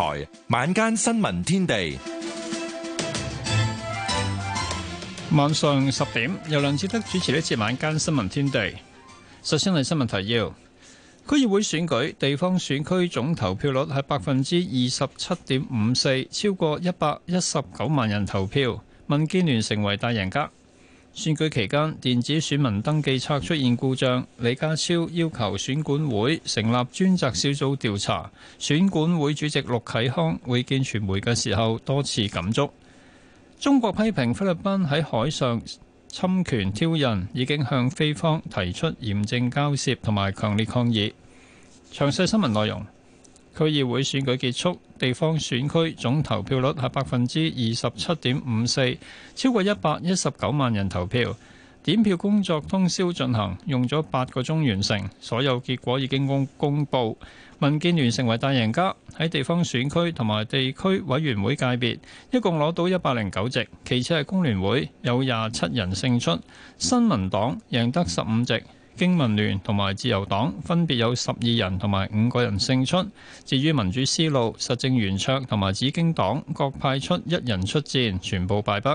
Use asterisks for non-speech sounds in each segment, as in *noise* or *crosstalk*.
台晚間新聞天地，晚上十點由梁志德主持呢節晚間新聞天地。首先係新聞提要：區議會選舉地方選區總投票率係百分之二十七點五四，超過一百一十九萬人投票，民建聯成為大贏家。選舉期間，電子選民登記冊出現故障，李家超要求選管會成立專責小組調查。選管會主席陸啟康會見傳媒嘅時候多次感觸。中國批評菲律賓喺海上侵權挑釁，已經向菲方提出嚴正交涉同埋強烈抗議。詳細新聞內容。區議會選舉結束，地方選區總投票率係百分之二十七點五四，超過一百一十九萬人投票。點票工作通宵進行，用咗八個鐘完成，所有結果已經公公布。民建聯成為大贏家，喺地方選區同埋地區委員會界別，一共攞到一百零九席，其次係工聯會，有廿七人勝出，新民黨贏得十五席。經民聯同埋自由黨分別有十二人同埋五個人勝出，至於民主思路、實政圓桌同埋紫荊黨，各派出一人出戰，全部敗北。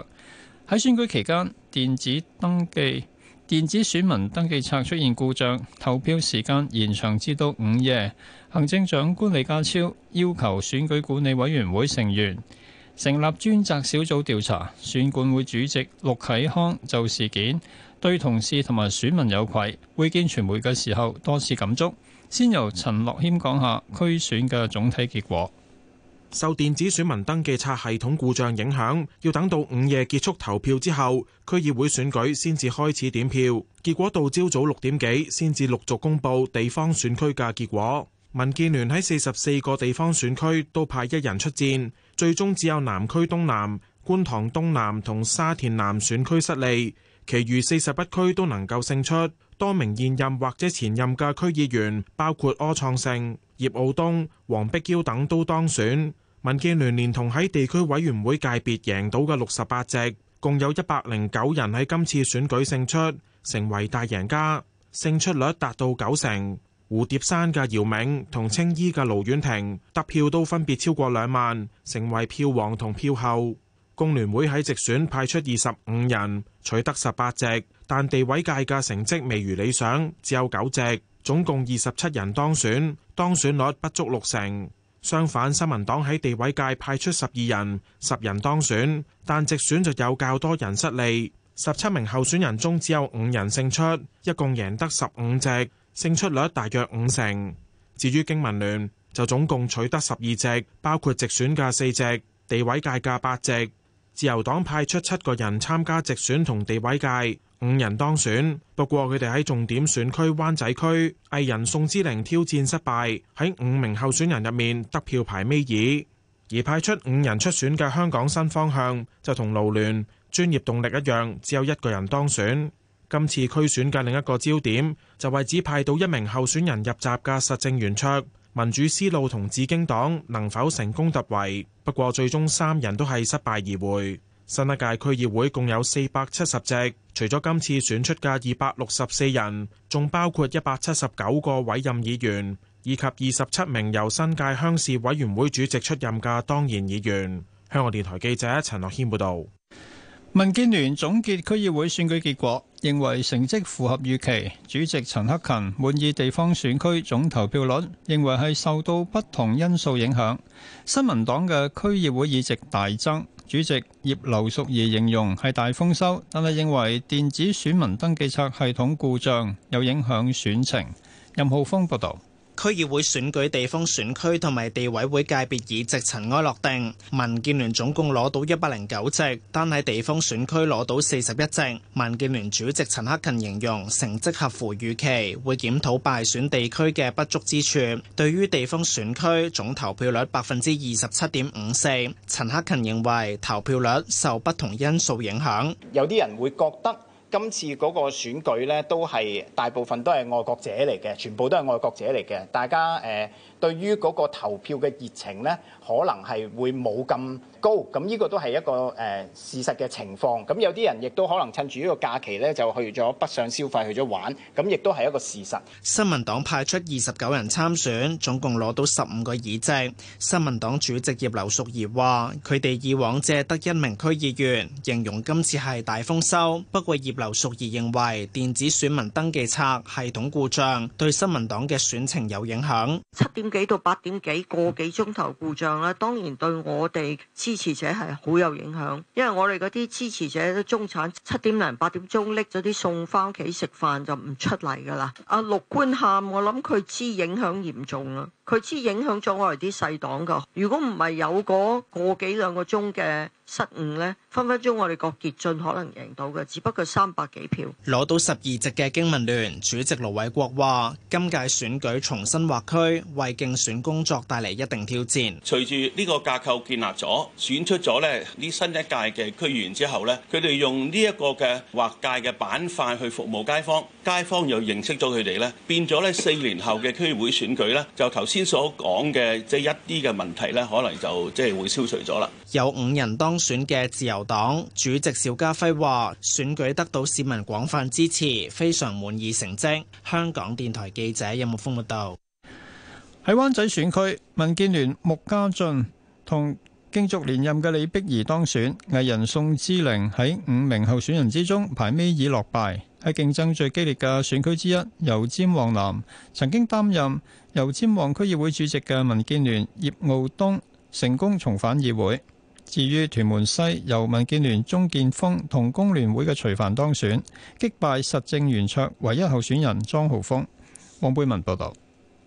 喺選舉期間，電子登記、電子選民登記冊出現故障，投票時間延長至到午夜。行政長官李家超要求選舉管理委員會成員成立專責小組調查，選管會主席陸啟康就事件對同事同埋選民有愧，會見傳媒嘅時候多次感觸。先由陳樂謙講下區選嘅總體結果。受電子選民登記冊系統故障影響，要等到午夜結束投票之後，區議會選舉先至開始點票。結果到朝早六點幾先至陸續公佈地方選區嘅結果。民建聯喺四十四個地方選區都派一人出戰，最終只有南區東南、觀塘東南同沙田南選區失利。其餘四十一區都能夠勝出，多名現任或者前任嘅區議員，包括柯創盛、葉傲冬、黃碧嬌等都當選。民建聯連同喺地區委員會界別贏到嘅六十八席，共有一百零九人喺今次選舉勝出，成為大贏家，勝出率達到九成。蝴蝶山嘅姚銘同青衣嘅盧婉婷得票都分別超過兩萬，成為票王同票后。工聯會喺直選派出二十五人，取得十八席，但地位界嘅成績未如理想，只有九席，總共二十七人當選，當選率不足六成。相反，新民黨喺地位界派出十二人，十人當選，但直選就有較多人失利，十七名候選人中只有五人勝出，一共贏得十五席，勝出率大約五成。至於經民聯，就總共取得十二席，包括直選嘅四席，地位界嘅八席。自由黨派出七個人參加直選同地委界，五人當選。不過佢哋喺重點選區灣仔區，藝人宋之齡挑戰失敗，喺五名候選人入面得票排尾二。而派出五人出選嘅香港新方向就同勞聯專業動力一樣，只有一個人當選。今次區選嘅另一個焦點就係只派到一名候選人入閘嘅實政圓桌。民主思路同紫荊黨能否成功突圍？不過最終三人都係失敗而回。新一屆區議會共有四百七十席，除咗今次選出嘅二百六十四人，仲包括一百七十九個委任議員，以及二十七名由新界鄉事委員會主席出任嘅當然議員。香港電台記者陳樂謙報道。民建聯總結區議會選舉結果，認為成績符合預期。主席陳克勤滿意地方選區總投票率，認為係受到不同因素影響。新民黨嘅區議會議席大增，主席葉劉淑儀形容係大豐收，但係認為電子選民登記冊系統故障，有影響選情。任浩峰報道。區議會選舉地方選區同埋地委會界別議席塵埃落定，民建聯總共攞到一百零九席，單喺地方選區攞到四十一席。民建聯主席陳克勤形容成績合乎預期，會檢討敗選地區嘅不足之處。對於地方選區總投票率百分之二十七點五四，陳克勤認為投票率受不同因素影響，有啲人會覺得。今次嗰個選舉咧，都係大部分都係愛國者嚟嘅，全部都係愛國者嚟嘅，大家誒。呃對於嗰個投票嘅熱情呢，可能係會冇咁高，咁呢個都係一個誒、呃、事實嘅情況。咁有啲人亦都可能趁住呢個假期呢，就去咗北上消費，去咗玩，咁亦都係一個事實。新民黨派出二十九人參選，總共攞到十五個議席。新民黨主席葉劉淑儀話：佢哋以往只係得一名區議員，形容今次係大豐收。不過葉劉淑儀認為電子選民登記冊系統故障對新民黨嘅選情有影響。七點幾到八點幾個幾鐘頭故障啦，當然對我哋支持者係好有影響，因為我哋嗰啲支持者都中產，七點零八點鐘拎咗啲餸返屋企食飯就唔出嚟㗎喇。阿陸觀喊，我諗佢知影響嚴重啦。佢知影響咗我哋啲細黨㗎。如果唔係有嗰個幾兩個鐘嘅失誤呢，分分鐘我哋郭傑進可能贏到嘅，只不過三百幾票。攞到十二席嘅經民聯主席盧偉國話，今屆選舉重新劃區，為競選工作帶嚟一定挑戰。隨住呢個架構建立咗，選出咗呢啲新一屆嘅區議員之後呢，佢哋用呢一個嘅劃界嘅板塊去服務街坊，街坊又認識咗佢哋呢，變咗呢四年後嘅區議會選舉呢就頭先。先所講嘅，即係一啲嘅問題呢，可能就即係會消除咗啦。有五人當選嘅自由黨主席，邵家輝話：選舉得到市民廣泛支持，非常滿意成績。香港電台記者任木峰報道喺灣仔選區，民建聯穆家俊同競逐連任嘅李碧儀當選藝人宋之玲喺五名候選人之中排尾已落敗喺競爭最激烈嘅選區之一油尖旺南，曾經擔任。油尖旺區議會主席嘅民建聯葉傲東成功重返議會。至於屯門西，由民建聯鍾建峰同工聯會嘅徐凡當選，擊敗實政圓桌唯一候選人莊浩峰。黃貝文報道。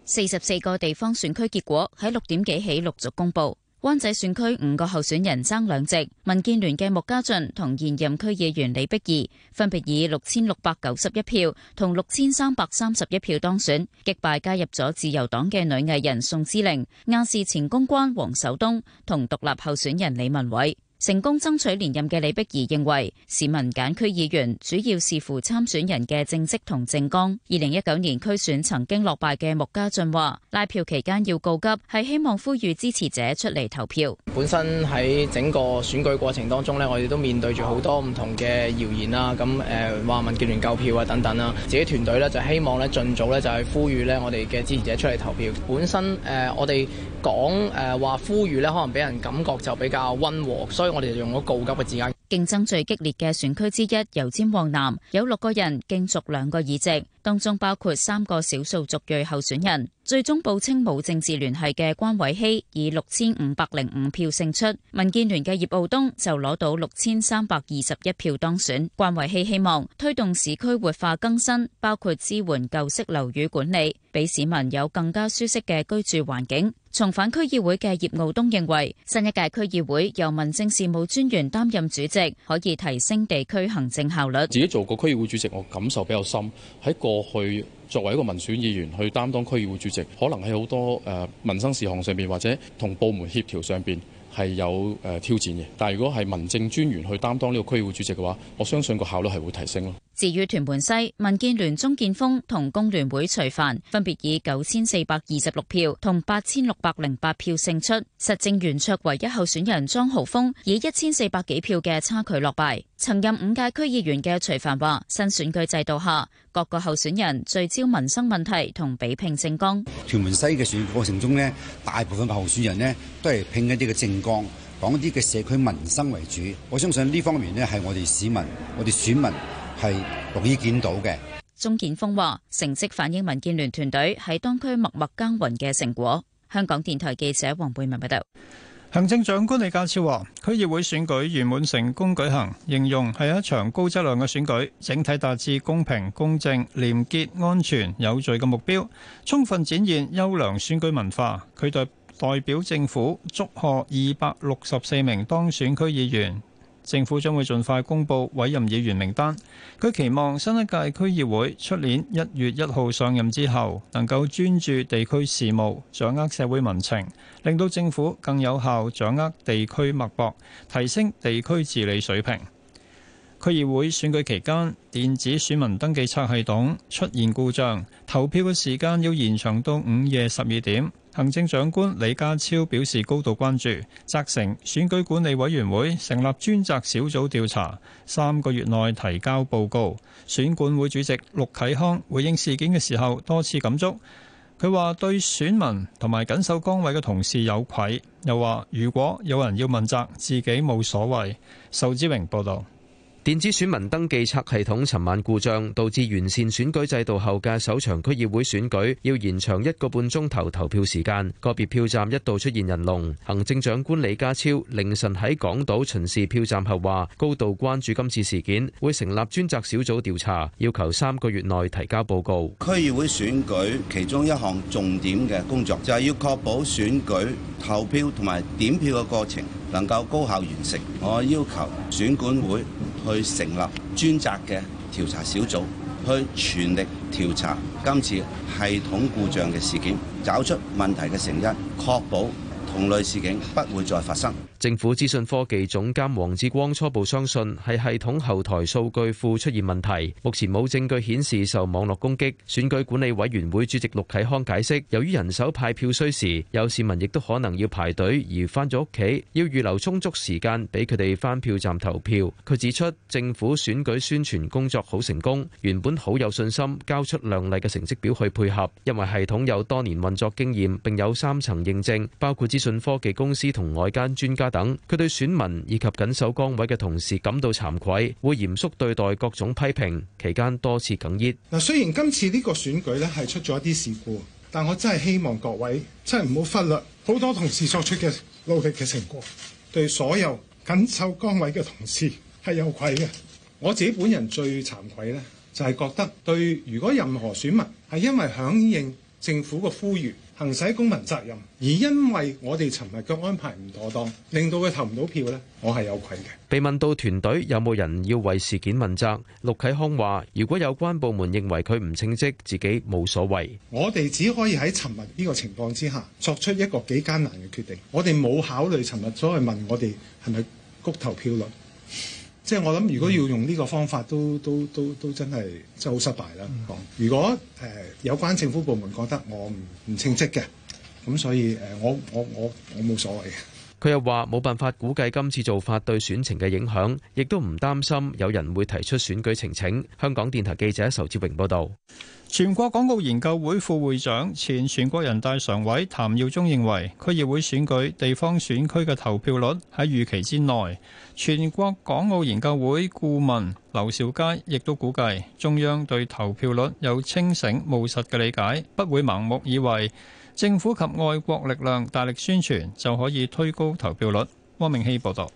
四十四個地方選區結果喺六點幾起陸續公布。灣仔選區五個候選人爭兩席，民建聯嘅穆家俊同現任區議員李碧儀分別以六千六百九十一票同六千三百三十一票當選，擊敗加入咗自由黨嘅女藝人宋之玲、亞視前公關黃守東同獨立候選人李文偉。成功爭取連任嘅李碧儀認為，市民揀區議員主要視乎參選人嘅政績同政綱。二零一九年區選曾經落敗嘅穆家俊話：拉票期間要告急，係希望呼籲支持者出嚟投票。本身喺整個選舉過程當中呢，我哋都面對住好多唔同嘅謠言啦。咁誒話民建聯夠票啊等等啦，自己團隊呢，就希望呢盡早呢，就係呼籲呢我哋嘅支持者出嚟投票。本身誒我哋。講誒，話呼籲咧，可能俾人感覺就比較溫和，所以我哋就用咗告急嘅字眼。競爭最激烈嘅選區之一油尖旺南有六個人競逐兩個議席，當中包括三個少數族裔候選人。最終，報稱冇政治聯繫嘅關偉希以六千五百零五票勝出，民建聯嘅葉傲東就攞到六千三百二十一票當選。關偉希希望推動市區活化更新，包括支援舊式樓宇管理，俾市民有更加舒適嘅居住環境。重返區議會嘅葉傲東認為，新一屆區議會由民政事務專員擔任主席，可以提升地區行政效率。自己做過區議會主席，我感受比較深。喺過去作為一個民選議員去擔當區議會主席，可能喺好多誒民生事項上邊或者同部門協調上邊係有誒挑戰嘅。但係如果係民政專員去擔當呢個區議會主席嘅話，我相信個效率係會提升咯。至於屯門西，民建聯鐘建峰同工聯會徐帆分別以九千四百二十六票同八千六百零八票勝出。實政圓桌唯一候選人莊豪峰以一千四百幾票嘅差距落敗。曾任五屆區議員嘅徐帆話：新選舉制度下，各個候選人聚焦民生問題同比拼政綱。屯門西嘅選舉過程中咧，大部分候選人咧都係拼一啲嘅政綱，講一啲嘅社區民生為主。我相信呢方面咧係我哋市民、我哋選民。係獨依見到嘅。鍾建峰話，成績反映民建聯團隊喺當區默默耕耘嘅成果。香港電台記者黃貝文報道。行政長官李家超話，區議會選舉圓滿成功舉行，形容係一場高質量嘅選舉，整體達至公平、公正、廉潔、安全、有序嘅目標，充分展現優良選舉文化。佢代代表政府祝賀二百六十四名當選區議員。政府將會盡快公佈委任議員名單。佢期望新一屆區議會出年一月一號上任之後，能夠專注地區事務，掌握社會民情，令到政府更有效掌握地區脈搏，提升地區治理水平。區議會選舉期間，電子選民登記冊系統出現故障，投票嘅時間要延長到午夜十二點。行政長官李家超表示高度關注，責成選舉管理委員會成立專責小組調查，三個月內提交報告。選管會主席陸啟康回應事件嘅時候，多次感觸，佢話對選民同埋緊守崗位嘅同事有愧，又話如果有人要問責，自己冇所謂。仇志榮報道。電子選民登記冊系統尋晚故障，導致完善選舉制度後嘅首場區議會選舉要延長一個半鐘頭投票時間，個別票站一度出現人龍。行政長官李家超凌晨喺港島巡視票站後話：高度關注今次事件，會成立專責小組調查，要求三個月內提交報告。區議會選舉其中一項重點嘅工作就係要確保選舉投票同埋點票嘅過程能夠高效完成。我要求選管會去。去成立專責嘅調查小組，去全力調查今次系統故障嘅事件，找出問題嘅成因，確保同類事件不會再發生。政府資訊科技總監黃志光初步相信係系統後台數據庫出現問題，目前冇證據顯示受網絡攻擊。選舉管理委員會主席陸啟康解釋，由於人手派票需時，有市民亦都可能要排隊而翻咗屋企，要預留充足時間俾佢哋翻票站投票。佢指出，政府選舉宣傳工作好成功，原本好有信心交出亮麗嘅成績表去配合，因為系統有多年運作經驗，並有三層認證，包括資訊科技公司同外間專家。等佢對選民以及緊守崗位嘅同事感到慚愧，會嚴肅對待各種批評。期間多次哽咽。嗱，雖然今次呢個選舉咧係出咗一啲事故，但我真係希望各位真係唔好忽略好多同事作出嘅努力嘅成果。對所有緊守崗位嘅同事係有愧嘅。 *laughs* 我自己本人最慚愧咧，就係覺得，對如果任何選民係因為響應政府嘅呼籲。行使公民責任，而因為我哋尋日嘅安排唔妥當，令到佢投唔到票呢，我係有愧嘅。被問到團隊有冇人要為事件問責，陸啟康話：如果有關部門認為佢唔稱職，自己冇所謂。我哋只可以喺尋日呢個情況之下作出一個幾艱難嘅決定。我哋冇考慮尋日所謂問我哋係咪谷投票率。即係我諗，如果要用呢個方法，都都都都真係真係好失敗啦。嗯、如果誒、呃、有關政府部門覺得我唔唔稱職嘅，咁所以誒、呃、我我我我冇所謂嘅。佢又話冇辦法估計今次做法對選情嘅影響，亦都唔擔心有人會提出選舉呈請。香港電台記者仇志榮報導。全國港澳研究會副會長、前全國人大常委譚耀宗認為，區議會選舉地方選區嘅投票率喺預期之內。全國港澳研究會顧問劉兆佳亦都估計，中央對投票率有清醒務實嘅理解，不會盲目以為政府及外國力量大力宣傳就可以推高投票率。汪明熙報道。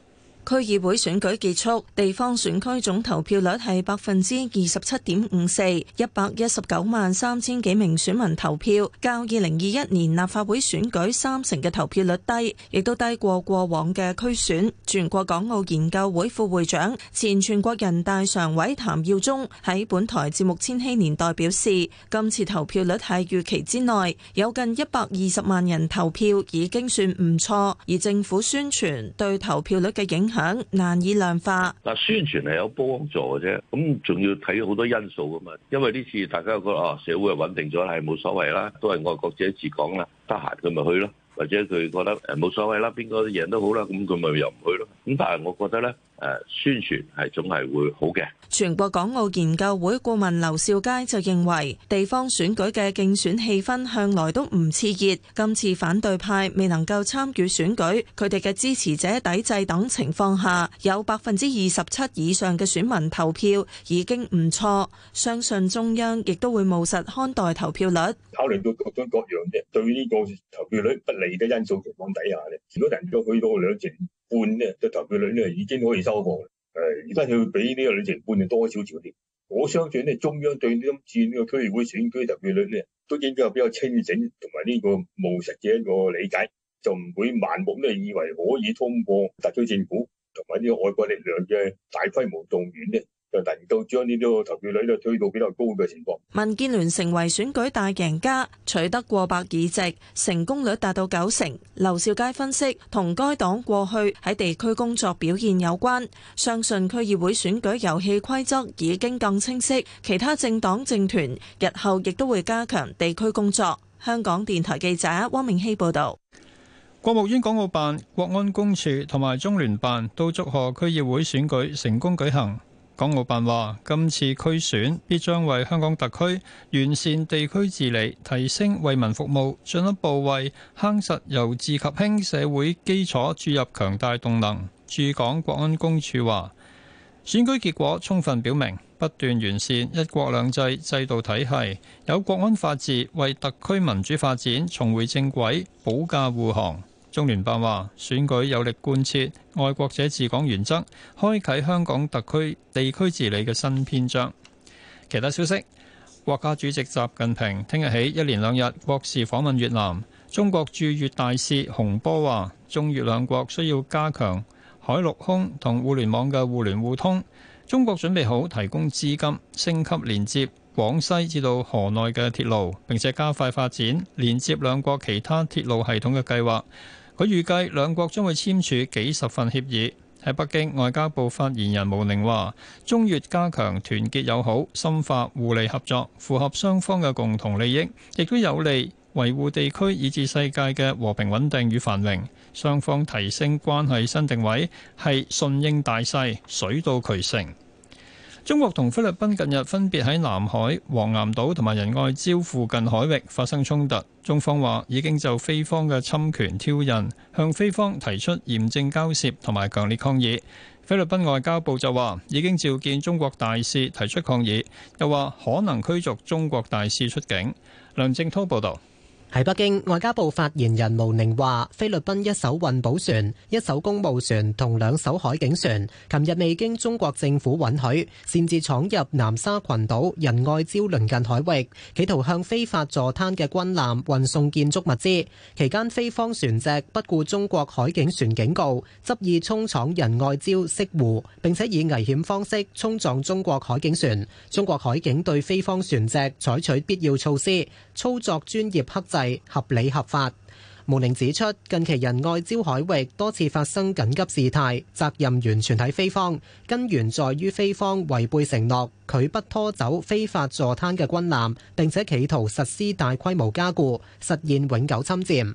區議會選舉結束，地方選區總投票率係百分之二十七點五四，一百一十九萬三千幾名選民投票，較二零二一年立法會選舉三成嘅投票率低，亦都低過過往嘅區選。全國港澳研究會副會長、前全國人大常委譚耀宗喺本台節目《千禧年代》表示，今次投票率係預期之內，有近一百二十萬人投票已經算唔錯，而政府宣傳對投票率嘅影響，難以量化。嗱，宣傳係有幫助嘅啫，咁仲要睇好多因素噶嘛。因為呢次大家覺得啊，社會係穩定咗，係冇所謂啦，都係外國者自講啦，得閒佢咪去咯，或者佢覺得誒冇所謂啦，邊個贏都好啦，咁佢咪又唔去咯。咁但係我覺得咧。誒宣傳係總係會好嘅。全國港澳研究會顧問劉兆佳就認為，地方選舉嘅競選氣氛向來都唔熾熱，今次反對派未能夠參與選舉，佢哋嘅支持者抵制等情況下，有百分之二十七以上嘅選民投票已經唔錯，相信中央亦都會務實看待投票率。考慮到各種各樣嘅對於呢個投票率不利嘅因素情況底下呢，如果能夠舉到兩成半咧，嘅投票率咧已經可以收貨，誒，而家佢會俾呢個旅程半，就多少少啲。我相信咧，中央對呢次呢個區議會選舉投票率咧，都應該係比較清醒同埋呢個務實嘅一個理解，就唔會盲目咧，以為可以通過特區政府同埋啲外國力量嘅大規模動員咧。就能夠將呢啲個投票率咧推到比較高嘅情況。民建聯成為選舉大贏家，取得過百議席，成功率達到九成。劉少佳分析，同該黨過去喺地區工作表現有關。相信區議會選舉遊戲規則已經更清晰，其他政黨政團日後亦都會加強地區工作。香港電台記者汪明熙報導。國務院港澳辦、國安公署同埋中聯辦都祝賀區議會選舉成功舉行。港澳辦話，今次區選必將為香港特區完善地區治理、提升為民服務、進一步為夯實由治及興社會基礎注入強大動能。駐港國安公署話，選舉結果充分表明，不斷完善一國兩制制度體系，有國安法治為特區民主發展重回正軌，保駕護航。中聯辦話，選舉有力貫徹愛國者治港原則，開啟香港特區地區治理嘅新篇章。其他消息，國家主席習近平聽日起一連兩日國事訪問越南。中國駐越大使洪波話：中越兩國需要加強海陸空同互聯網嘅互聯互通。中國準備好提供資金，升級連接廣西至到河內嘅鐵路，並且加快發展連接兩國其他鐵路系統嘅計劃。佢預計兩國將會簽署幾十份協議。喺北京，外交部發言人毛寧話：中越加強團結友好、深化互利合作，符合雙方嘅共同利益，亦都有利維護地區以至世界嘅和平穩定與繁榮。雙方提升關係新定位，係順應大勢，水到渠成。中國同菲律賓近日分別喺南海、黃岩島同埋仁愛礁附近海域發生衝突，中方話已經就菲方嘅侵權挑釁向菲方提出嚴正交涉同埋強烈抗議。菲律賓外交部就話已經召見中國大使提出抗議，又話可能驅逐中國大使出境。梁正濤報道。喺北京，外交部發言人毛寧話菲律賓一艘運補船、一艘公務船同兩艘海警船，琴日未經中國政府允許，擅自闖入南沙群島仁愛礁鄰近海域，企圖向非法坐灘嘅軍艦運送建築物資。期間，菲方船隻不顧中國海警船警告，執意衝闖仁愛礁潟湖，並且以危險方式衝撞中國海警船。中國海警對菲方船隻採取必要措施，操作專業克制。合理合法。毛寧指出，近期仁愛礁海域多次發生緊急事態，責任完全喺菲方，根源在於菲方違背承諾，拒不拖走非法坐灘嘅軍艦，並且企圖實施大規模加固，實現永久侵占。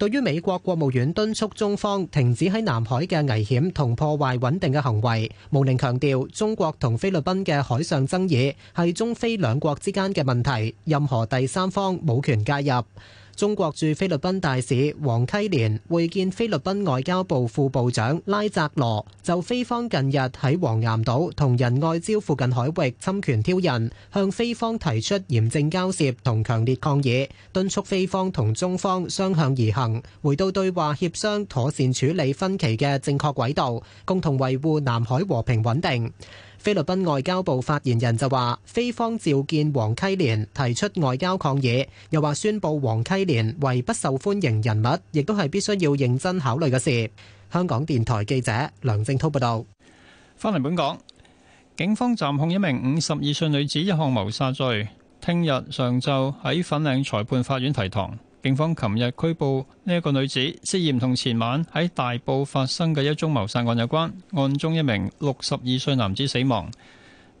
對於美國國務院敦促中方停止喺南海嘅危險同破壞穩定嘅行為，毛寧強調中國同菲律賓嘅海上爭議係中菲兩國之間嘅問題，任何第三方冇權介入。中國駐菲律賓大使黃溪連會見菲律賓外交部副部長拉扎羅，就菲方近日喺黃岩島同仁愛礁附近海域侵權挑釁，向菲方提出嚴正交涉同強烈抗議，敦促菲方同中方相向而行，回到對話協商、妥善處理分歧嘅正確軌道，共同維護南海和平穩定。菲律賓外交部發言人就話：菲方召見黃溪連，提出外交抗議，又話宣布黃溪連為不受歡迎人物，亦都係必須要認真考慮嘅事。香港電台記者梁正滔報道。翻嚟本港，警方暫控一名五十二歲女子，一項謀殺罪，聽日上晝喺粉嶺裁判法院提堂。警方琴日拘捕呢一個女子，涉嫌同前晚喺大埔發生嘅一宗謀殺案有關。案中一名六十二歲男子死亡。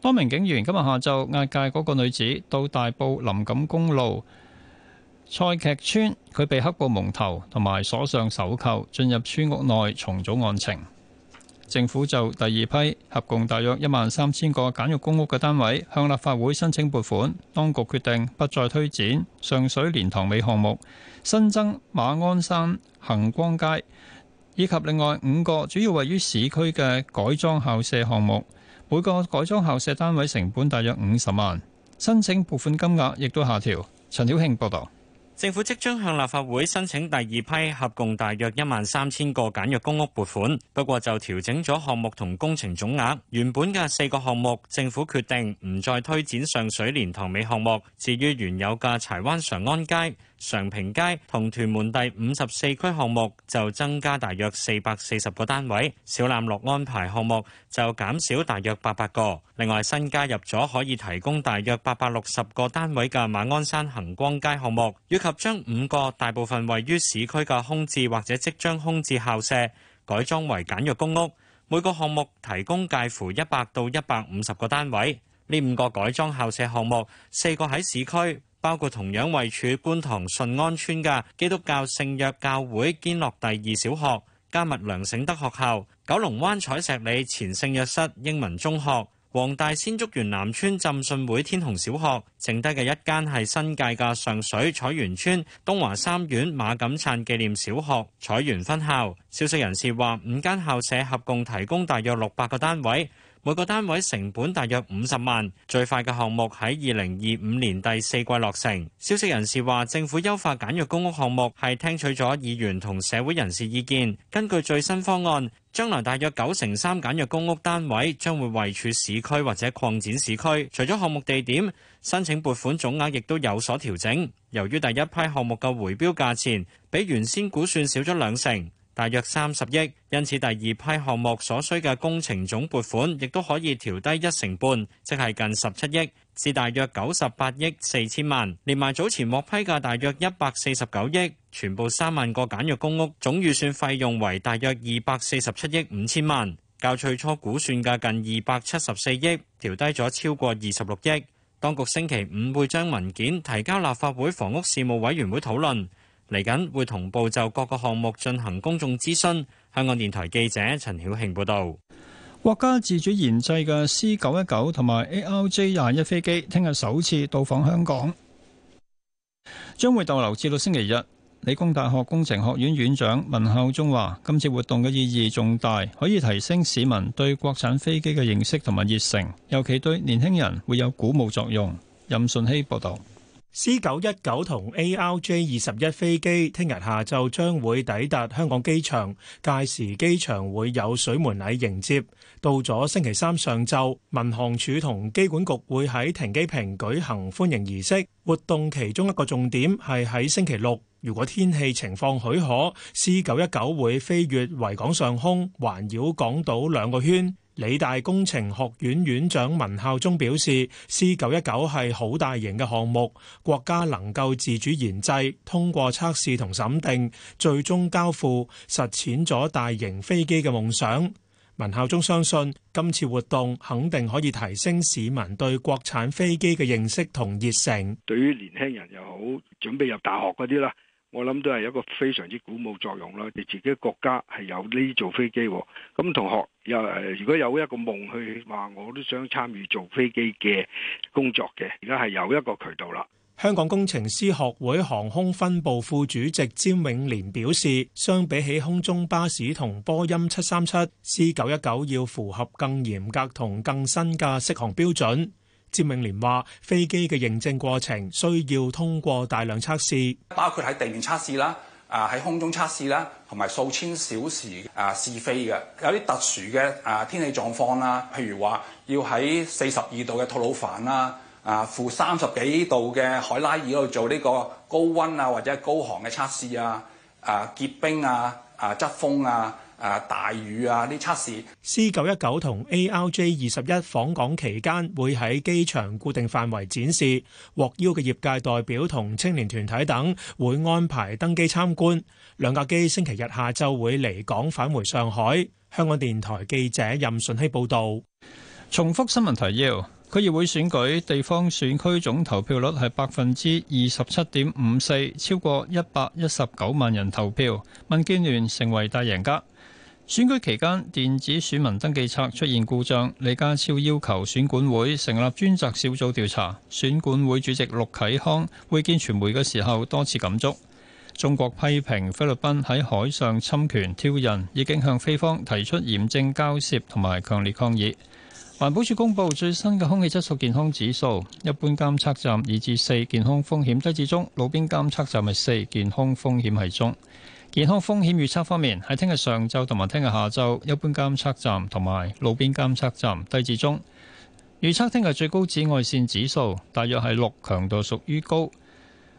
多名警員今日下晝押解嗰個女子到大埔林錦公路賽劇村，佢被黑布蒙頭同埋鎖上手銬，進入村屋內重組案情。政府就第二批合共大約一萬三千個簡約公屋嘅單位，向立法會申請撥款。當局決定不再推展上水蓮塘尾項目，新增馬鞍山恒光街以及另外五個主要位於市區嘅改裝校舍項目。每個改裝校舍單位成本大約五十萬，申請撥款金額亦都下調。陳曉慶報道。政府即將向立法會申請第二批合共大約一萬三千個簡約公屋撥款，不過就調整咗項目同工程總額。原本嘅四個項目，政府決定唔再推展上水蓮塘尾項目。至於原有嘅柴灣常安街、常平街同屯門第五十四區項目就增加大約四百四十個單位，小欖樂安排項目就減少大約八百個。另外，新加入咗可以提供大約八百六十個單位嘅馬鞍山恆光街項目，以及將五個大部分位於市區嘅空置或者即將空置校舍改裝為簡約公屋。每個項目提供介乎一百到一百五十個單位。呢五個改裝校舍項目，四個喺市區。包括同樣位處觀塘順安村嘅基督教聖約教會堅樂第二小學、加密梁省德學校、九龍灣彩石里前聖約室英文中學、黃大仙竹園南村浸信會天虹小學，剩低嘅一間係新界嘅上水彩園村東華三院馬錦燦紀念小學彩園分校。消息人士話，五間校舍合共提供大約六百個單位。每個單位成本大約五十萬，最快嘅項目喺二零二五年第四季落成。消息人士話，政府優化簡約公屋項目係聽取咗議員同社會人士意見，根據最新方案，將來大約九成三簡約公屋單位將會位處市區或者擴展市區。除咗項目地點，申請撥款總額亦都有所調整。由於第一批項目嘅回標價錢比原先估算少咗兩成，大約三十億，因此第二批項目所需嘅工程總撥款亦都可以調低一成半，即係近十七億，至大約九十八億四千萬。連埋早前獲批嘅大約一百四十九億，全部三萬個簡約公屋總預算費用為大約二百四十七億五千萬，較最初估算嘅近二百七十四億，調低咗超過二十六億。當局星期五會將文件提交立法會房屋事務委員會討論。嚟緊會同步就各個項目進行公眾諮詢。香港電台記者陳曉慶報道：「國家自主研製嘅 C 九一九同埋 A R J 廿一飛機，聽日首次到訪香港，將會逗留至到星期日。」理工大學工程學院院長文孝忠話：今次活動嘅意義重大，可以提升市民對國產飛機嘅認識同埋熱誠，尤其對年輕人會有鼓舞作用。任順希報道。C 九一九同 ARJ 二十一飛機聽日下晝將會抵達香港機場，屆時機場會有水門禮迎接。到咗星期三上晝，民航處同機管局會喺停機坪舉行歡迎儀式。活動其中一個重點係喺星期六，如果天氣情況許可，C 九一九會飛越維港上空，環繞港島兩個圈。理大工程學院院長文孝忠表示：C 九一九係好大型嘅項目，國家能夠自主研製、通過測試同審定，最終交付，實踐咗大型飛機嘅夢想。文孝忠相信，今次活動肯定可以提升市民對國產飛機嘅認識同熱誠，對於年輕人又好，準備入大學嗰啲啦。我諗都係一個非常之鼓舞作用啦！你自己國家係有呢組飛機，咁同學又如果有一個夢去話，我都想參與做飛機嘅工作嘅，而家係有一個渠道啦。香港工程師學會航空分部副主席詹永廉表示，相比起空中巴士同波音七三七、C 九一九，要符合更嚴格同更新嘅適航標準。詹永年話：飛機嘅認證過程需要通過大量測試，包括喺地面測試啦，啊喺空中測試啦，同埋數千小時啊試飛嘅。有啲特殊嘅啊天氣狀況啦，譬如話要喺四十二度嘅吐魯番啦，啊負三十幾度嘅海拉爾度做呢個高溫啊或者高寒嘅測試啊，啊結冰啊，啊側風啊。誒大魚啊！啲測試 C 九一九同 ARJ 二十一訪港期間會喺機場固定範圍展示，獲邀嘅業界代表同青年團體等會安排登機參觀，兩架機星期日下晝會離港返回上海。香港電台記者任順希報道。重複新聞提要：區議會選舉地方選區總投票率係百分之二十七點五四，超過一百一十九萬人投票，民建聯成為大贏家。選舉期間，電子選民登記冊出現故障，李家超要求選管會成立專責小組調查。選管會主席陸啟康會見傳媒嘅時候多次感觸。中國批評菲律賓喺海上侵權挑釁，已經向菲方提出嚴正交涉同埋強烈抗議。環保署公布最新嘅空氣質素健康指數，一般監測站二至四健康風險低至中，路邊監測站係四健康風險係中。健康風險預測方面，喺聽日上晝同埋聽日下晝，一般監測站同埋路邊監測站低至中。預測聽日最高紫外線指數大約係六，強度屬於高。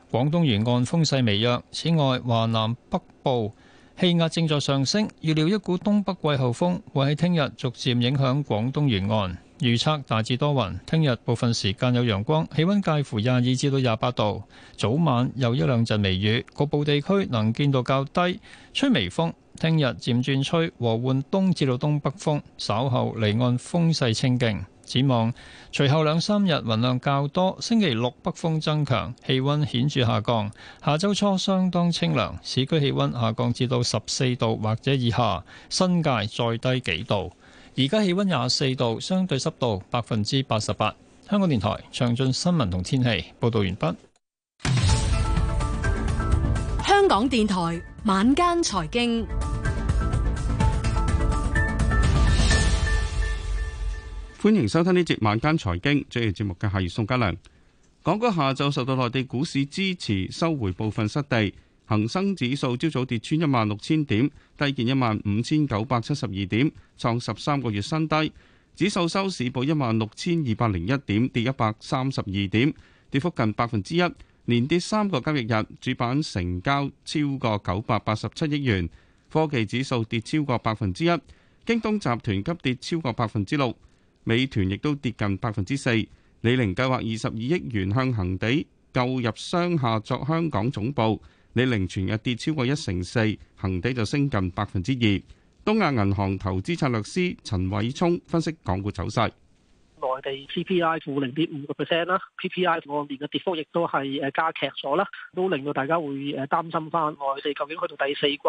廣東沿岸風勢微弱，此外華南北部氣壓正在上升，預料一股東北季候風會喺聽日逐漸影響廣東沿岸。預測大致多雲，聽日部分時間有陽光，氣溫介乎廿二至到廿八度，早晚有一兩陣微雨，局部地區能見度較低，吹微風。聽日漸轉吹和緩東至到東北風，稍後離岸風勢清勁。展望隨後兩三日雲量較多，星期六北風增強，氣溫顯著下降，下周初相當清涼，市區氣溫下降至到十四度或者以下，新界再低幾度。而家氣溫廿四度，相對濕度百分之八十八。香港電台詳盡新聞同天氣報道完畢。香港電台晚間財經，歡迎收聽呢節晚間財經。主持節目嘅係宋家良。港股下晝受到內地股市支持，收回部分失地。恒生指數朝早跌穿一萬六千點，低見一萬五千九百七十二點，創十三個月新低。指數收市報一萬六千二百零一點，跌一百三十二點，跌幅近百分之一，連跌三個交易日。主板成交超過九百八十七億元。科技指數跌超過百分之一，京東集團急跌超過百分之六，美團亦都跌近百分之四。李寧計劃二十二億元向恒地購入商廈作香港總部。李寧全日跌超過一成四，恒指就升近百分之二。東亞銀行投資策略師陳偉聰分析港股走勢。內地 CPI 負零點五個 percent 啦，PPI 方面嘅跌幅亦都係誒加劇咗啦，都令到大家會誒擔心翻內地究竟去到第四季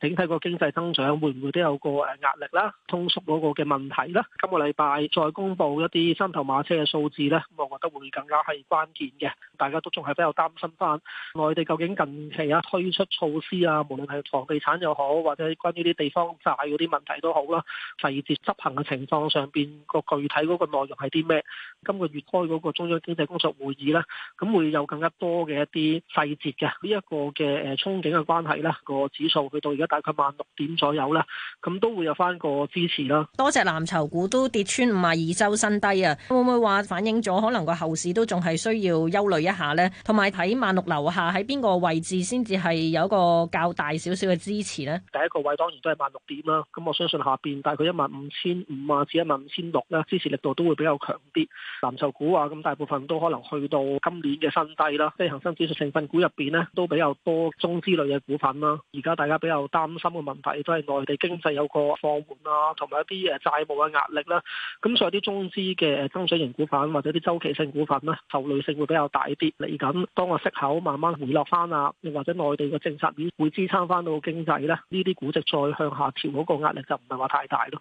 整體個經濟增長會唔會都有個誒壓力啦，通縮嗰個嘅問題啦。今個禮拜再公布一啲三頭馬車嘅數字咧，我覺得會更加係關鍵嘅。大家都仲係比較擔心翻內地究竟近期啊推出措施啊，無論係房地產又好，或者關於啲地方債嗰啲問題都好啦，細節執行嘅情況上邊個具體嗰個內容。係啲咩？今個月開嗰個中央經濟工作會議啦，咁會有更加多嘅一啲細節嘅呢一個嘅誒憧憬嘅關係啦。個指數去到而家大概萬六點左右啦，咁都會有翻個支持啦。多隻藍籌股都跌穿五十二周新低啊！會唔會話反映咗可能個後市都仲係需要憂慮一下咧？同埋睇萬六樓下喺邊個位置先至係有一個較大少少嘅支持咧？第一個位當然都係萬六點啦。咁我相信下邊大概一萬五千五啊至一萬五千六啦，支持力度都會比。比較強啲，藍籌股啊，咁大部分都可能去到今年嘅新低啦。即係恒生指數成分股入邊咧，都比較多中資類嘅股份啦。而家大家比較擔心嘅問題，都係內地經濟有個放緩啊，同埋一啲誒債務嘅壓力啦。咁所以啲中資嘅增長型股份或者啲週期性股份呢，受累性會比較大啲。嚟緊當個息口慢慢回落翻啊，又或者內地嘅政策面會支撐翻到經濟咧，呢啲估值再向下調嗰個壓力就唔係話太大咯。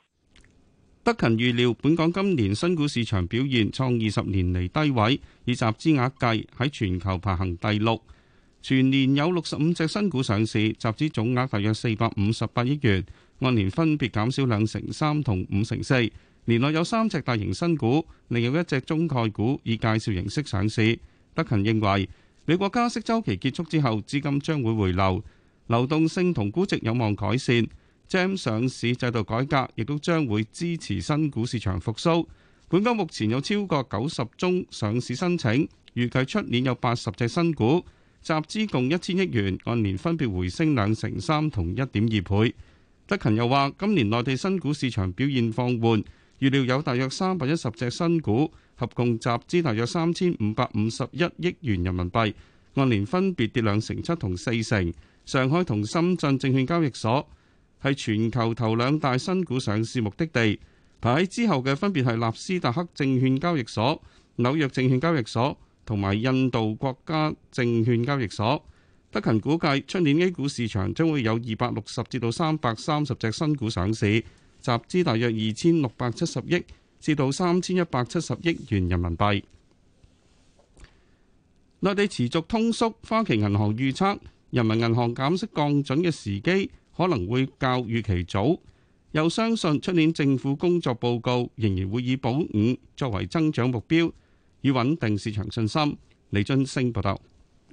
德勤預料，本港今年新股市場表現創二十年嚟低位，以集資額計喺全球排行第六。全年有六十五隻新股上市，集資總額大約四百五十八億元，按年分別減少兩成三同五成四。年內有三隻大型新股，另有一隻中概股以介紹形式上市。德勤認為，美國加息週期結束之後，資金將會回流，流動性同估值有望改善。Jam 上市制度改革亦都將會支持新股市場復甦。本港目前有超過九十宗上市申請，預計出年有八十隻新股，集資共一千億元，按年分別回升兩成三同一點二倍。德勤又話，今年內地新股市場表現放緩，預料有大約三百一十隻新股，合共集資大約三千五百五十一億元人民幣，按年分別跌兩成七同四成。上海同深圳證，證券交易所係全球頭兩大新股上市目的地，排喺之後嘅分別係納斯達克證券交易所、紐約證券交易所同埋印度國家證券交易所。德勤估計，出年 A 股市場將會有二百六十至到三百三十隻新股上市，集資大約二千六百七十億至到三千一百七十億元人民幣。內地持續通縮，花旗銀行預測人民銀行減息降準嘅時機。可能會較預期早，又相信出年政府工作報告仍然會以保五作為增長目標，以穩定市場信心。李津升報道。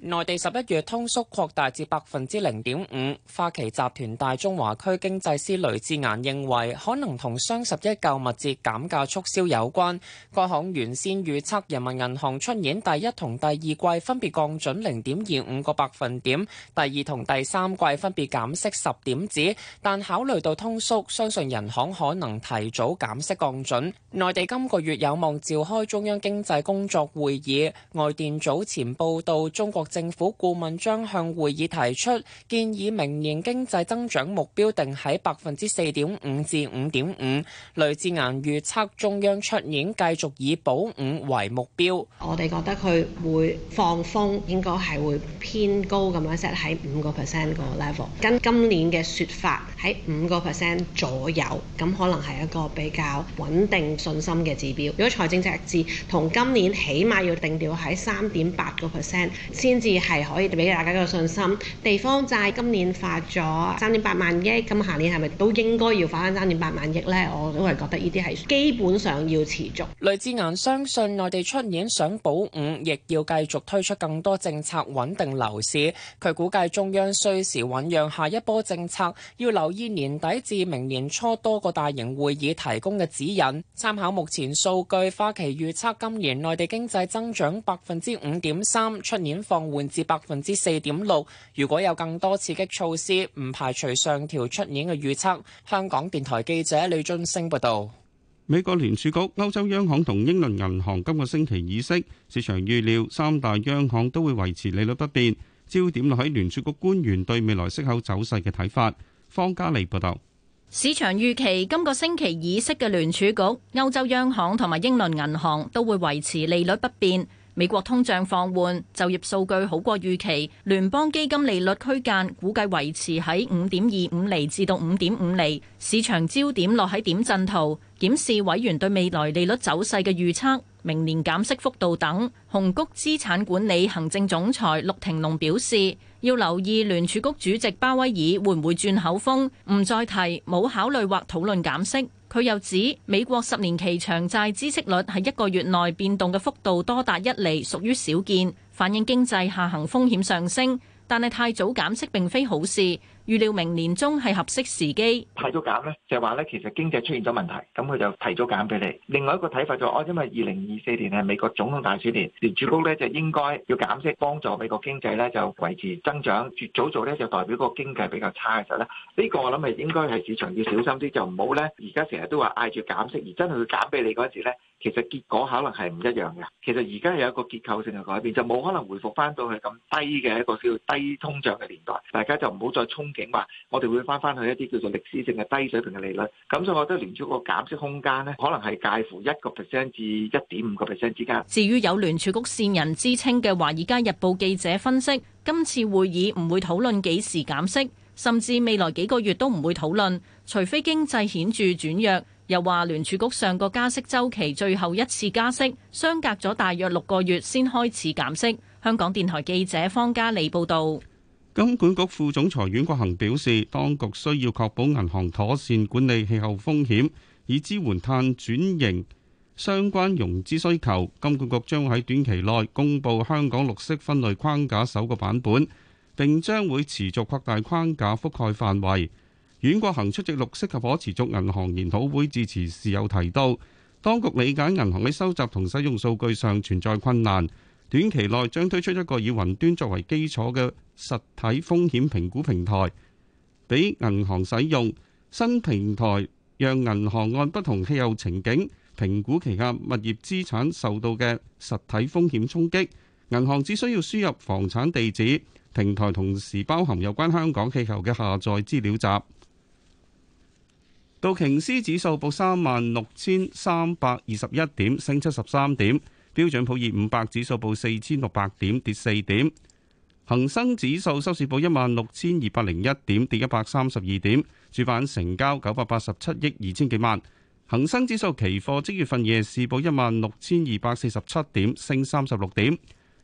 內地十一月通縮擴大至百分之零點五。花旗集團大中華區經濟師雷志顏認為，可能同雙十一購物節減價促銷有關。各行原先預測人民銀行出年第一同第二季分別降準零點二五個百分點，第二同第三季分別減息十點子。但考慮到通縮，相信人行可能提早減息降準。內地今個月有望召開中央經濟工作會議。外電早前報道中國政府顧問將向會議提出建議，明年經濟增長目標定喺百分之四點五至五點五。雷志顏預測中央出年繼續以保五為目標。我哋覺得佢會放風，應該係會偏高咁樣 set 喺五個 percent 個 level，跟今年嘅説法喺五個 percent 左右，咁可能係一個比較穩定、信心嘅指標。如果財政赤字同今年起碼要定調喺三點八個 percent 先。至係可以俾大家一個信心。地方債今年發咗三點八萬億，咁下年係咪都應該要發翻三點八萬億咧？我都係覺得呢啲係基本上要持續。雷志顏相信內地出年想保五，亦要繼續推出更多政策穩定樓市。佢估計中央需時醞釀下一波政策，要留意年底至明年初多個大型會議提供嘅指引，參考目前數據，花旗預測今年內地經濟增長百分之五點三，出年放。換至百分之四點六。如果有更多刺激措施，唔排除上調出年嘅預測。香港電台記者李津升報道。美國聯儲局、歐洲央行同英倫銀行今個星期議息，市場預料三大央行都會維持利率不變。焦點落喺聯儲局官員對未來息口走勢嘅睇法。方嘉莉報道。市場預期今個星期議息嘅聯儲局、歐洲央行同埋英倫銀行都會維持利率不變。美國通脹放緩，就業數據好過預期，聯邦基金利率區間估計維持喺五點二五厘至到五點五厘。市場焦點落喺點陣圖，檢視委員對未來利率走勢嘅預測，明年減息幅度等。紅谷資產管理行政總裁陸庭龍表示，要留意聯儲局主席鮑威爾會唔會轉口風，唔再提冇考慮或討論減息。佢又指，美國十年期長債孳息率喺一個月內變動嘅幅度多達一厘，屬於少見，反映經濟下行風險上升，但係太早減息並非好事。預料明年中係合適時機，提早減咧，就係話咧其實經濟出現咗問題，咁佢就提早減俾你。另外一個睇法就哦、係，因為二零二四年係美國總統大選年，聯儲局咧就應該要減息，幫助美國經濟咧就維持增長。越早做咧就代表個經濟比較差嘅時候咧，呢個我諗係應該係市場要小心啲，就唔好咧而家成日都話嗌住減息，而真係會減俾你嗰時咧。其實結果可能係唔一樣嘅。其實而家有一個結構性嘅改變，就冇可能回復翻到係咁低嘅一個叫低通脹嘅年代。大家就唔好再憧憬話，我哋會翻翻去一啲叫做歷史性嘅低水平嘅利率。咁所以，我覺得聯儲局減息空間呢，可能係介乎一個 percent 至一點五個 percent 之間。至於有聯儲局線人之稱嘅《華爾街日報》記者分析，今次會議唔會討論幾時減息，甚至未來幾個月都唔會討論，除非經濟顯著轉弱。又話聯儲局上個加息週期最後一次加息，相隔咗大約六個月先開始減息。香港電台記者方嘉莉報道。金管局副總裁阮國恒表示，當局需要確保銀行妥善管理氣候風險，以支援碳轉型相關融資需求。金管局將喺短期內公布香港綠色分類框架首個版本，並將會持續擴大框架覆蓋範圍。阮國恒出席綠色及可持續銀行研討會致辭時，有提到當局理解銀行喺收集同使用數據上存在困難，短期內將推出一個以雲端作為基礎嘅實體風險評估平台，俾銀行使用。新平台讓銀行按不同氣候情景評估旗下物業資產受到嘅實體風險衝擊。銀行只需要輸入房產地址，平台同時包含有關香港氣候嘅下載資料集。道瓊斯指數報三萬六千三百二十一點，升七十三點；標準普爾五百指數報四千六百點，跌四點；恒生指數收市報一萬六千二百零一點，跌一百三十二點。主板成交九百八十七億二千幾萬。恒生指數期貨即月份夜市報一萬六千二百四十七點，升三十六點。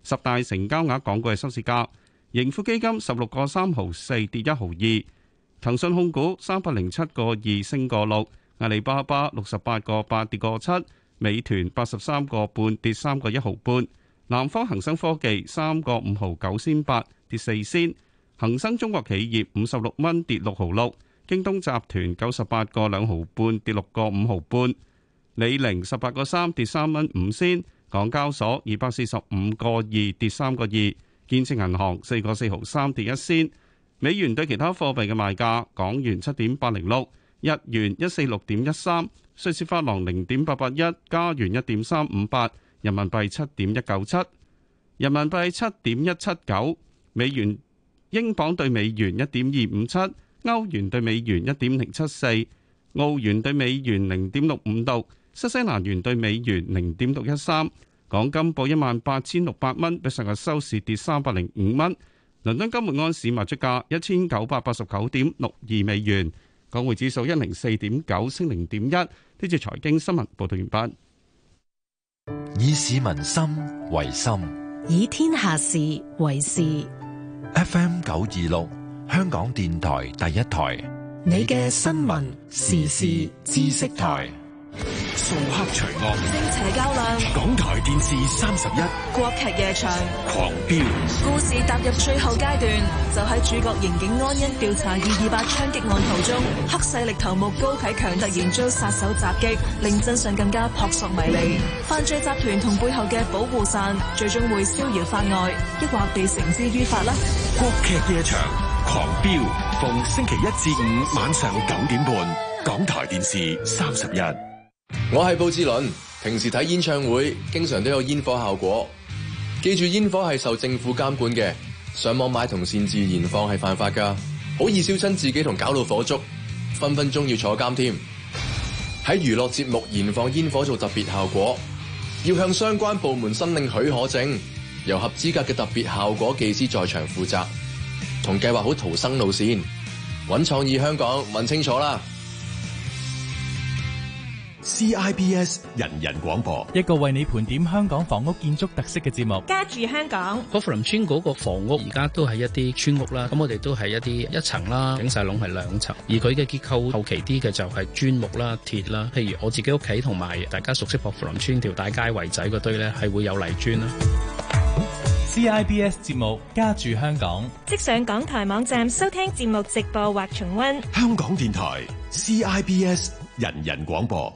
十大成交額港股嘅收市價，盈富基金十六個三毫四，跌一毫二。騰訊控股三百零七個二升個六，阿里巴巴六十八個八跌個七，美團八十三個半跌三個一毫半，南方恒生科技三個五毫九仙八跌四仙，恒生中國企業五十六蚊跌六毫六，京東集團九十八個兩毫半跌六個五毫半，李寧十八個三跌三蚊五仙，港交所二百四十五個二跌三個二，建設銀行四個四毫三跌一仙。美元對其他貨幣嘅賣價：港元七點八零六，日元一四六點一三，瑞士法郎零點八八一，加元一點三五八，人民幣七點一九七，人民幣七點一七九，美元英鎊兌美元一點二五七，歐元兌美元一點零七四，澳元兌美元零點六五六，新西蘭元兌美元零點六一三。港金報一萬八千六百蚊，比上日收市跌三百零五蚊。倫敦金每盎司賣出價一千九百八十九點六二美元，港匯指數一零四點九升零點一。呢節財經新聞報道完畢。以市民心為心，以天下事為事。F M 九二六，香港電臺第一台，你嘅新聞時事知識台。掃黑除惡，正邪較量，港台電視三十一，國劇夜場狂飆飆，故事踏入最後階段，就喺主角刑警安欣調查二二八槍擊案途中，黑勢力頭目高啟強突然遭殺手襲擊，令真相更加撲朔迷離。犯罪集團同背後嘅保護傘，最終會逍遙法外，抑或被繩之於法呢？國劇夜場狂飆，逢星期一至五晚上九點半，港台電視三十一。我係布志倫，平時睇演唱會經常都有煙火效果。記住，煙火係受政府監管嘅，上網買同擅自燃放係犯法噶，好易燒親自己同搞到火燭，分分鐘要坐監添。喺娛樂節目燃放煙火做特別效果，要向相關部門申領許可證，由合資格嘅特別效果技師在場負責，同計劃好逃生路線，搵創意香港，問清楚啦。CIBS 人人廣播，一個為你盤點香港房屋建築特色嘅節目。家住香港，薄扶林村嗰個房屋而家都係一啲村屋啦，咁我哋都係一啲一層啦，頂晒籠係兩層，而佢嘅結構後期啲嘅就係磚木啦、鐵啦，譬如我自己屋企同埋大家熟悉薄扶林村條大街圍仔嗰堆咧，係會有泥磚啦。CIBS 節目，家住香港，即上港台網站收聽節目直播或重溫。香港電台 CIBS 人、人人廣播。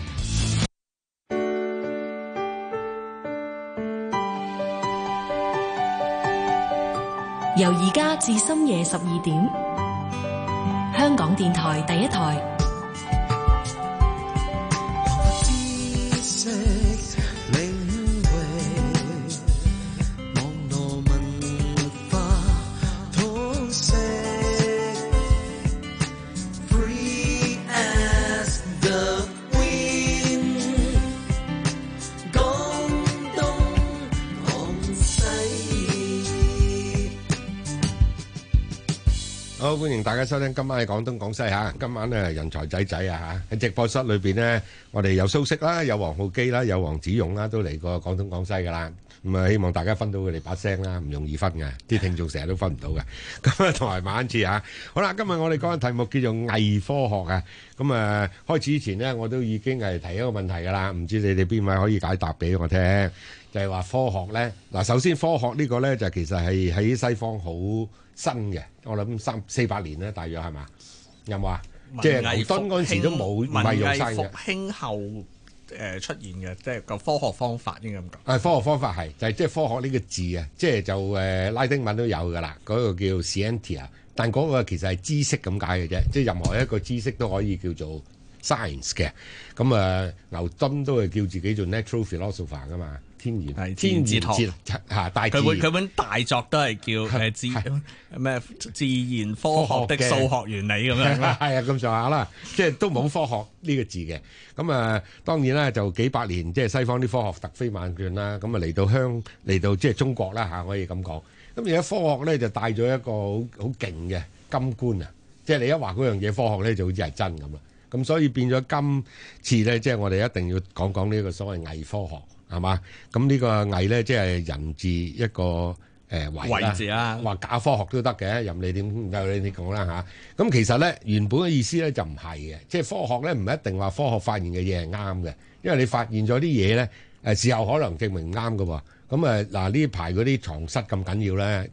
由而家至深夜十二點，香港電台第一台。大家收聽今晚嘅廣東廣西嚇，今晚咧人才濟濟啊嚇，喺直播室裏邊呢，我哋有蘇式啦，有黃浩基啦，有黃子容啦，都嚟過廣東廣西嘅啦。咁啊，希望大家分到佢哋把聲啦，唔容易分嘅，啲聽眾成日都分唔到嘅。咁啊，同埋晚安先啊。好啦，今日我哋講嘅題目叫做偽科學啊。咁啊，開始之前咧，我都已經係提一個問題噶啦，唔知你哋邊位可以解答俾我聽？就係話科學咧，嗱，首先科學呢個咧，就其實係喺西方好新嘅，我諗三四百年啦，大約係嘛？有冇啊？即係牛頓嗰陣時都冇文藝復興後。誒、呃、出現嘅，即係個科學方法應該咁講。係、啊、科學方法係，就係即係科學呢個字啊，即係就誒、呃、拉丁文都有㗎啦，嗰、那個叫 scientia。但嗰個其實係知識咁解嘅啫，即係任何一個知識都可以叫做 science 嘅。咁啊，牛、呃、頓都係叫自己做 natural philosopher 㗎嘛。天然係天字學嚇大，佢本佢本大作都係叫是自咩是自然科學的數學原理咁樣係 *laughs* 啊，咁上下啦，即係都冇科學呢個字嘅咁啊。當然啦，就幾百年即係西方啲科學突飛萬卷啦。咁啊嚟到香嚟到即係中國啦吓、啊，可以咁講。咁而家科學咧就帶咗一個好好勁嘅金冠啊，即係你一話嗰樣嘢科學咧，就好似係真咁啦。咁所以變咗今次咧，即係我哋一定要講講呢一個所謂偽科學。係嘛？咁呢個偽咧，即係人字一個位置、呃、啊，話假科學都得嘅，任你點有呢你講啦嚇。咁、啊、其實咧，原本嘅意思咧就唔係嘅，即係科學咧唔一定話科學發現嘅嘢係啱嘅，因為你發現咗啲嘢咧誒，事後可能證明唔啱噶喎。咁誒嗱呢排嗰啲藏屍咁緊要咧。